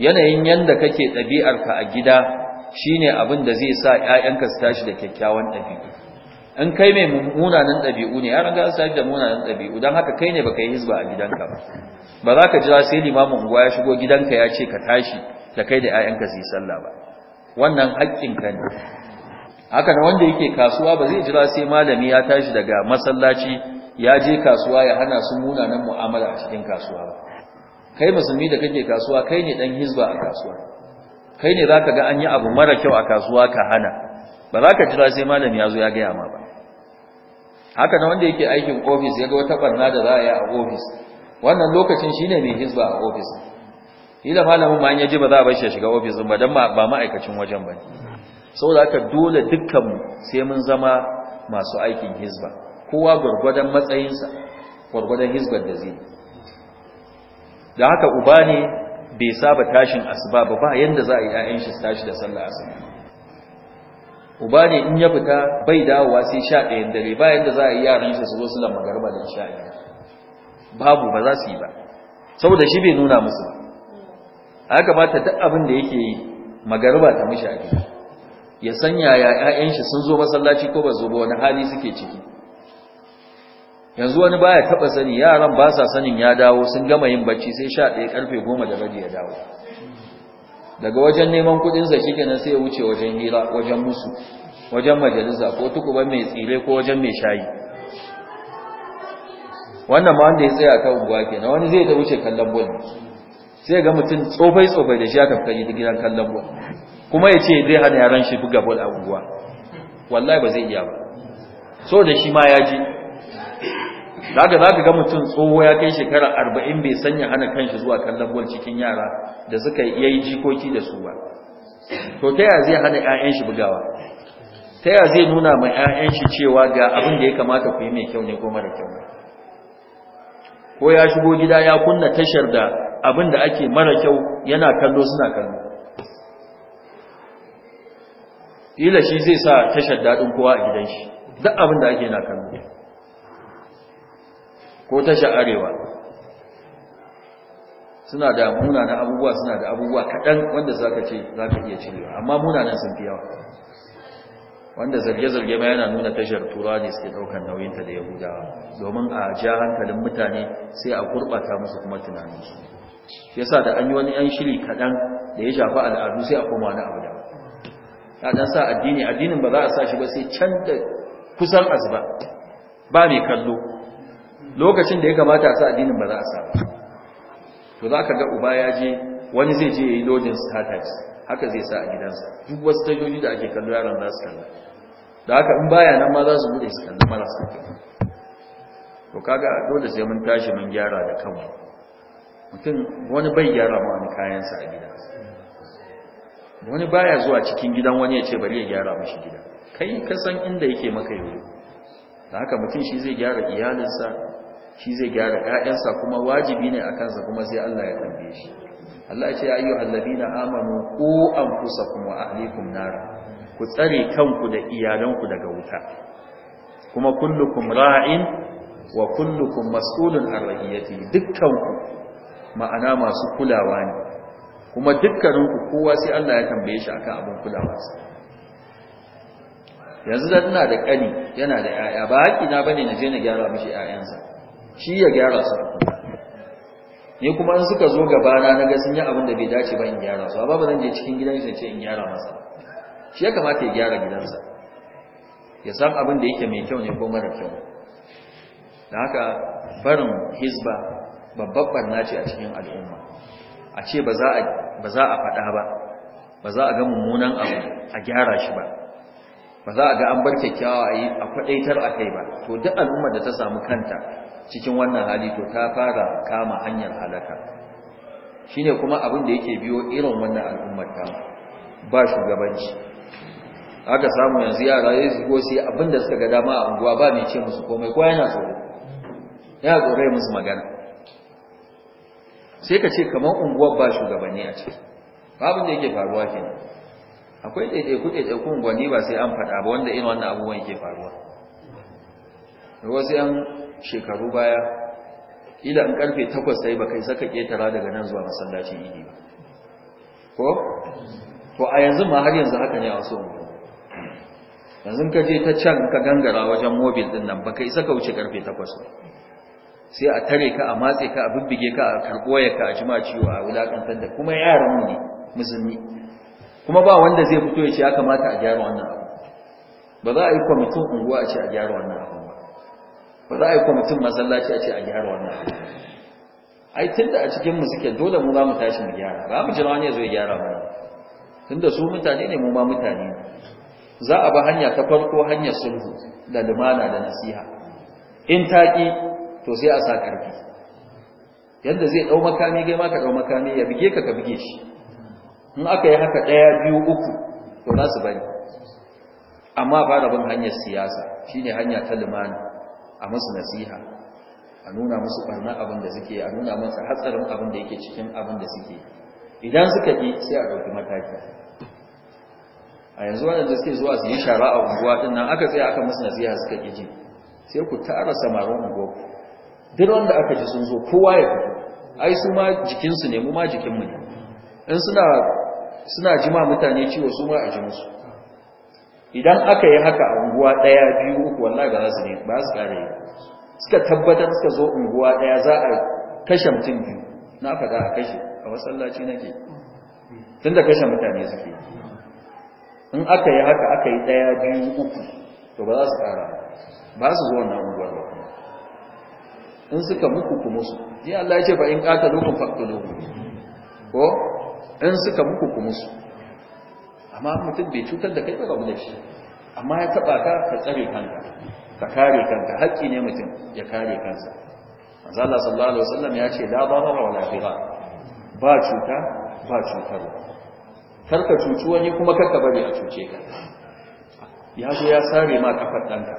yanayin yanda kake ɗabi'arka a gida shine abin da zai sa 'ya'yanka su tashi da kyakkyawan ɗabi'u in kai mai munanan ɗabi'u ne ya ranga an da munanan ɗabi'u don haka kai ne baka yi hizba a gidanka ba ba za ka jira sai limamin unguwa ya shigo gidanka ya ce ka tashi da kai da 'ya'yanka su yi sallah ba wannan haƙƙin ka ne haka na wanda yake kasuwa ba zai jira sai malami ya tashi daga masallaci ya je kasuwa ya hana su munanan mu'amala a cikin kasuwa ba kai musulmi da kake kasuwa kai ne dan hizba a kasuwa kai ne za ka ga an yi abu mara kyau a kasuwa ka hana ba za ka jira sai malami ya zo ya gaya ma ba haka na wanda yake aikin ofis ya ga wata barna da za a yi a ofis wannan lokacin shine mai hizba a ofis ila malamin ma ya ji ba za a bashi shi ya shiga ofis ba dan ba ma'aikacin wajen ba saboda haka dole dukkan sai mun zama masu aikin hizba kowa gurgurdan matsayinsa gurgurdan hizbar da zai da haka uba ne bai saba tashin asuba ba ba yanda za a yi 'ya'yan shi tashi da sallar asuba uba ne in ya fita bai dawowa sai sha ɗayan dare bayan da za a yi yaran shi su zo sulan magarba da sha ɗaya babu ba za su yi ba saboda shi bai nuna musu ba haka kamata ta duk abin da yake yi magarba ta mishi ya san yaya ƴaƴan shi sun zo masallaci ko ba zo ba wani hali suke ciki yanzu wani ba ya taɓa sani yaran ba sa sanin ya dawo sun gama yin bacci sai sha ɗaya ƙarfe goma da rabi ya dawo daga wajen neman sa, shi kenan sai ya wuce wajen hira wajen musu wajen majalisa ko tukuban mai tsire ko wajen mai shayi wannan ma wanda ya tsaya kan unguwa kenan wani zai ta wuce kallon bol sai ga mutum tsofai tsofai da shi aka fita yi gidan kallon bol kuma ya ce zai hana yaran shi buga bol a unguwa wallahi ba zai iya ba so da shi ma ya ji daga za ka ga mutum tsoho ya kai shekara arba'in bai sanya hana kanshi zuwa kallon bol cikin yara da suka yayi jikoki da su ba to ta yaya zai hana 'ya'yan shi bugawa ta yaya zai nuna ma 'ya'yan shi cewa ga abin da ya kamata ku yi mai kyau ne ko mara kyau ko ya shigo gida ya kunna tashar da abin da ake mara kyau yana kallo suna kallo ila shi zai sa tashar daɗin kowa a gidan shi duk abin da ake yana kallo ko tasha arewa suna da munanan abubuwa suna da abubuwa kaɗan wanda za ka ce za ka iya cirewa amma munanan sun fi yawa wanda zarge-zarge ma yana nuna tashar turawa ne suke ɗaukar ta da ya yahudawa domin a ja hankalin mutane sai a gurɓata musu kuma tunani. shi yasa da an yi wani 'yan shiri kaɗan da ya shafi al'adu sai a koma wani abu da ta sa addini addinin ba za a sa shi ba sai can da kusan asuba ba mai kallo lokacin da ya kamata a sa addinin ba za a sa to za ka ga uba ya je wani zai je ya yi lodin startups haka zai sa a gidansa duk wasu tajoji da ake kallo yaran za su kalla da haka in baya nan ma za su bude su kalli marasa to kaga dole sai mun tashi mun gyara da kanmu mutum wani bai gyara ma wani kayansa a gida wani baya zuwa cikin gidan wani ya ce bari ya gyara mashi gida kai ka san inda yake maka yau da haka mutum shi zai gyara iyalinsa shi zai gyara ƴaƴansa kuma wajibi ne a kansa kuma sai Allah ya tambaye shi Allah ya ce ya ayyuhal ladina amanu kusa anfusakum wa ahlikum nar ku tsare kanku da iyalanku daga wuta kuma kullukum ra'in wa kullukum mas'ulun an ra'iyati dukkanku ma'ana masu kulawa ne kuma dukkaninku kowa sai Allah ya tambaye shi akan abin kulawarsa yanzu da ina da kani yana da 'ya'ya ba haƙi na bane na je na gyara mishi 'ya'yansa shi ya gyara su ni kuma in suka zo gabana na ga sun yi abinda bai dace ba in gyara su ba zan je cikin gidan shi ce in gyara masa shi ya kamata ya gyara gidansa ya san abin da yake mai kyau ne ko mara kyau da haka barin hizba babbar barna ce a cikin al'umma a ce ba za a faɗa ba ba za a ga mummunan abu a gyara shi ba ba za a ga an bar kyakkyawa a yi a kwaɗaitar a kai ba to duk al'ummar da ta samu kanta cikin wannan hali to ta fara kama hanyar halaka shine kuma abin da yake biyo irin wannan al'ummar ta ba shugabanci aka samu yanzu yara ya zugo sai abin da suka ga dama a unguwa ba mai ce musu komai ko yana tsoro ya tsoro musu magana sai ka ce kamar unguwar ba shugabanni a ciki babin da yake faruwa ke akwai ɗaiɗaiku kun unguwanni ba sai an faɗa ba wanda irin wannan abubuwan yake faruwa wasu yan shekaru baya ila in karfe 8 sai baka saka ketara daga nan zuwa masallacin idi ba ko to a yanzu ma har yanzu haka ne a wasu yanzu ka je ta can ka gangara wajen mobil din nan baka isa ka wuce karfe 8 sai a tare ka a matse ka a bibbige ka a karboye ka a jima ciwo a wulakantar da kuma yaran mu ne musulmi kuma ba wanda zai fito ya ce ya kamata a gyara wannan abu ba za a yi kwamitin unguwa a ce a gyara wannan abu ba za a yi kwamitin masallaci a ce a gyara wannan ai da a cikin mu suke dole mu ba mu tashi mu gyara ba mu jira wani ya zo ya gyara ba Tun da su mutane ne mu ba mutane za a ba hanya ta farko hanyar sulhu da lumana da nasiha in taƙi to sai a sa ƙarfi yadda zai ɗau makami gai maka ɗau makami ya bige ka ka bige shi in aka yi haka ɗaya biyu uku to za su bari amma ba bin hanyar siyasa shine hanya ta lumana a masu nasiha a nuna musu barna abin da suke a nuna musu hatsarin abin da yake cikin abin da suke idan suka yi sai a ɗauki mataki a yanzu wanda suke zuwa su yi shara a unguwa din nan aka tsaye aka musu nasiha suka ƙi ji sai ku tara samarin unguwa duk wanda aka ji sun zo kowa ya fito ai su ma jikinsu ne mu ma jikinmu ne in suna suna jima mutane ciwo su ma a ji musu idan aka yi haka a unguwa ɗaya biyu uku wannan ga su ne ba su kare yi suka tabbatar suka zo unguwa ɗaya za a kashe mutum biyu na faɗa a kashe a masallaci nake tun da kashe mutane suke in aka yi haka aka yi ɗaya biyu uku to ba za su ƙara ba su zo wannan unguwar ba kuma in suka muku kuma su ni Allah ya ce ba in ƙata lokun faktolo ko in suka muku kuma su amma mutum bai cutar da kai ba rabu da shi amma ya taba ka ka tsare kanka ka kare kanka haƙƙi ne mutum ya kare kansa manzo Allah sallallahu alaihi wasallam ya ce la darara wala dirar ba cuta ba kar karka cuci wani kuma kar ka bari a cuce ka ya zo ya sare ma kafar ɗanka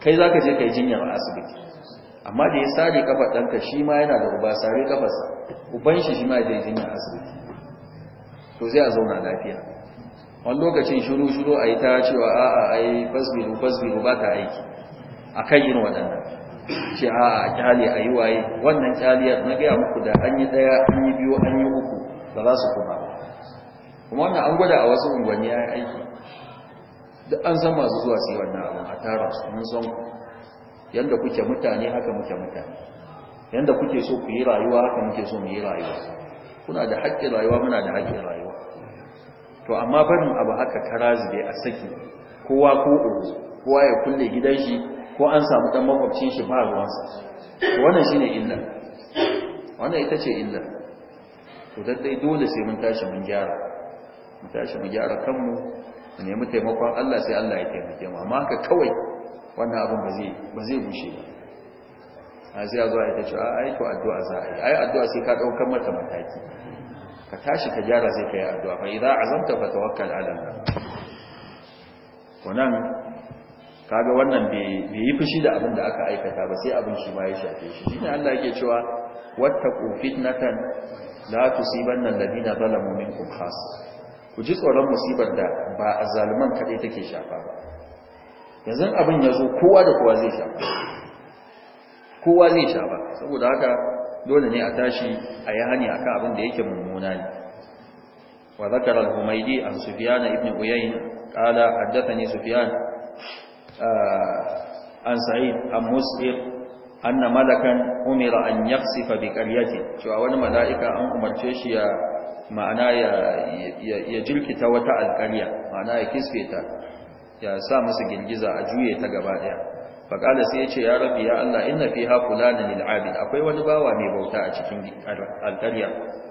kai za ka je ka yi jinyar asibiti amma da ya sare kafar ɗanka shi ma yana da uba sare kafarsa uban shi shi ma ya je jinyar asibiti to zai a zauna lafiya wani lokacin shiru shiru a yi ta cewa a'a a yi fasbiru fasbiru ba ta aiki a kan yin waɗannan ce a kyale a yi waye wannan kyaliyar na gaya muku da an yi ɗaya an yi biyu an yi uku da za su kuma kuma wannan an gwada a wasu unguwanni ya aiki duk an san masu zuwa su yi wannan abin a tara su mun san ku yanda kuke mutane haka muke mutane yanda kuke so ku yi rayuwa haka muke so mu yi rayuwa kuna da haƙƙin rayuwa muna da haƙƙin rayuwa to amma barin abu haka karazi dai a saki kowa ko uku kowa ya kulle gidan shi ko an samu dan makwabcin shi ba ruwansa wannan shine illa wannan ita ce illa to dai dole sai mun tashi mun gyara Mun tashi mun gyara kanmu mu nemi taimakon Allah sai Allah ya taimake mu amma haka kawai wannan abin ba zai ba zai gushe ba a sai a zo a ita ce ai to addu'a za a yi ai addu'a sai ka ɗaukar mata mataki ka tashi ka gyara zai ka yi addu'a fa idan azamta fa ta ala Allah wannan kaga wannan bai yi fushi da abin da aka aikata ba sai abin shi ma ya shafe shi shine Allah yake cewa wattaqu fitnatan la tusibanna alladhina zalamu minkum khas ku ji tsoron musibar da ba a zaluman take shafa ba yanzu abin yazo kowa da kowa zai shafa kowa zai shafa saboda haka dole ne a tashi a yi hani akan abin da yake mummuna ne wa zakara al-humaydi ibn uyayn qala haddathani sufyan ah, an sa'id an mus'ir anna malakan umira an yaqsifa bi cewa wani mala'ika an umarce shi ya ma'ana ya jirkita wata alkarya ma'ana ya kisfe ta ya sa musu girgiza a juye ta gaba ɗaya faƙala sai ya ce ya rabbi ya Allah inna fi haƙula na lil'abid akwai wani bawa mai bauta a cikin alƙarya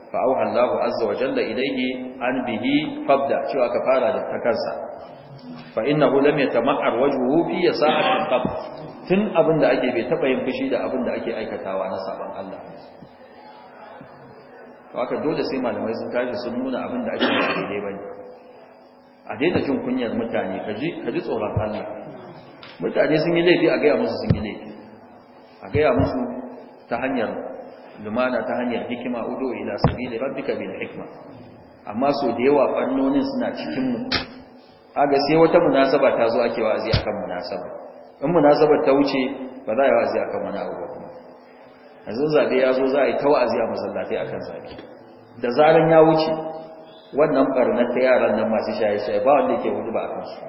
fa'auha Allah azza wa jalla ilaihi an bihi fabda cewa ka fara da ta kansa fa innahu lam yatama'ar wajhuhu fi sa'atin qab tun abin da ake bai taɓa yin fushi da abin da ake aikatawa na saban Allah haka dole sai malamai sun tashi sun nuna abin da ake daidai bane a daina jin kunyar mutane ka ji tsoron Allah mutane sun yi laifi a gaya musu sun yi laifi a gaya musu ta hanyar lumana ta hanyar hikima udo ila rabbi ka bin hikma amma so da yawa fannonin suna cikinmu. A ga sai wata munasaba ta zo ake wa'azi akan munasaba in munasabar ta wuce ba za a yi wa'azi akan wani abubuwa ba kuma zan zaɓe ya zo za a yi ta wa'azi a masallatai akan zaɓe. da zaran ya wuce wannan ɓarnar ta yaran nan masu shaye-shaye ba wanda ke hudu ba a kansu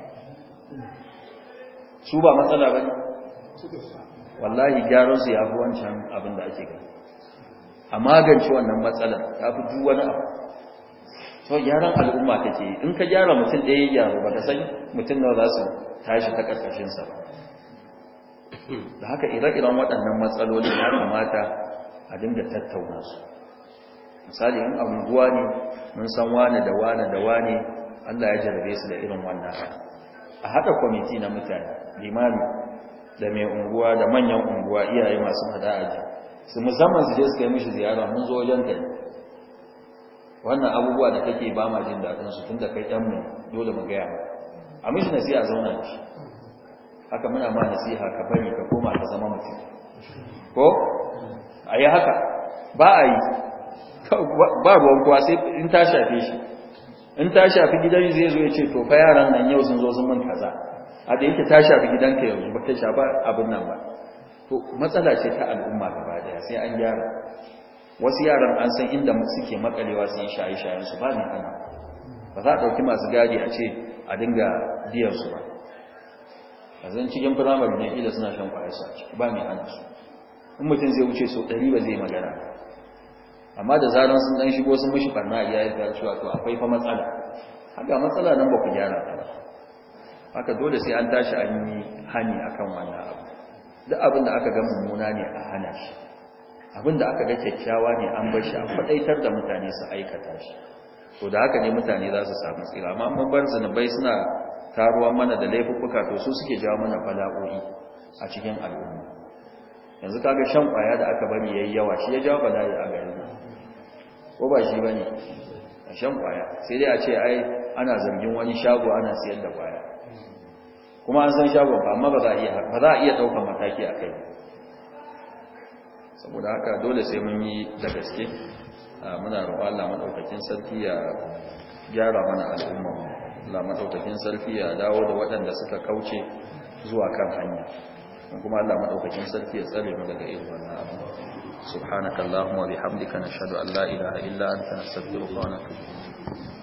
su ba matsala ba ne wallahi su ya fi wancan abin da ake gani a magance wannan matsalan ta fi duk wani abu so gyaran al'umma ta ke, in ka gyara mutum ɗaya ya gyaru ba ta san mutum nawa za su tashi ta ƙarƙashinsa ba da haka ire-iren waɗannan matsaloli ya kamata a dinga tattauna su misali in anguwa ne mun san wane da wane da wane Allah ya jarabe su da irin wannan a haɗa kwamiti na mutane limami da mai unguwa da manyan unguwa iyaye masu ji su musamman su je su kai mishi ziyara mun zo wajen kai wannan abubuwa da kake ba ma jin daɗin su da kai ɗan mu dole mu gaya a mishi nasiha zauna da shi haka muna ma nasiha ka bari ka koma ka zama mutum ko a yi haka ba a yi ba ruwan kuwa sai in ta shafe shi in ta shafi gidan zai zo ya ce to fa yaran nan yau sun zo sun mun kaza a da yake ta shafi gidanka yanzu ba ta shafa abin nan ba to matsala ce ta al'umma gaba daya sai an gyara wasu yaran an san inda suke makalewa su yi shaye-shayen su ba ne ana ba za a ɗauki masu gadi a ce a dinga biyan su ba a zan cikin firamare ne ila suna shan kwaye su ba mai ana su in mutum zai wuce sau ɗari ba zai magana amma da zaran sun ɗan shigo sun mishi barna a iyayen ta cewa to akwai fa matsala haka matsala nan ba ku gyara ta ba haka dole sai an tashi an yi hani akan wannan abu duk abin aka ga mummuna ne a hana shi abin da aka ga kyakkyawa ne an bar shi a faɗaitar da mutane su aikata shi to da haka ne mutane za su samu tsira amma mun bar zunubai suna taruwa mana da laifuffuka to su suke jawo mana bala'o'i a cikin al'umma yanzu kaga shan kwaya da aka bari yayi yawa shi ya jawo bala'i a gari ko ba shi bane shan kwaya sai dai a ce ai ana zargin wani shago ana siyar da kwaya kuma an san shagon ba amma ba za a iya ba za iya ɗaukar mataki a kai saboda haka dole sai mun yi da gaske ah, muna roƙon Allah madaukakin sarki ya gyara mana al'umma Allah madaukakin sarki ya dawo da waɗanda suka kauce zuwa kan hanya kuma Allah madaukakin sarki ya tsare mu daga irin wannan abu subhanakallahumma wa bihamdika nashhadu an la ilaha illa anta nastaghfiruka wa natubu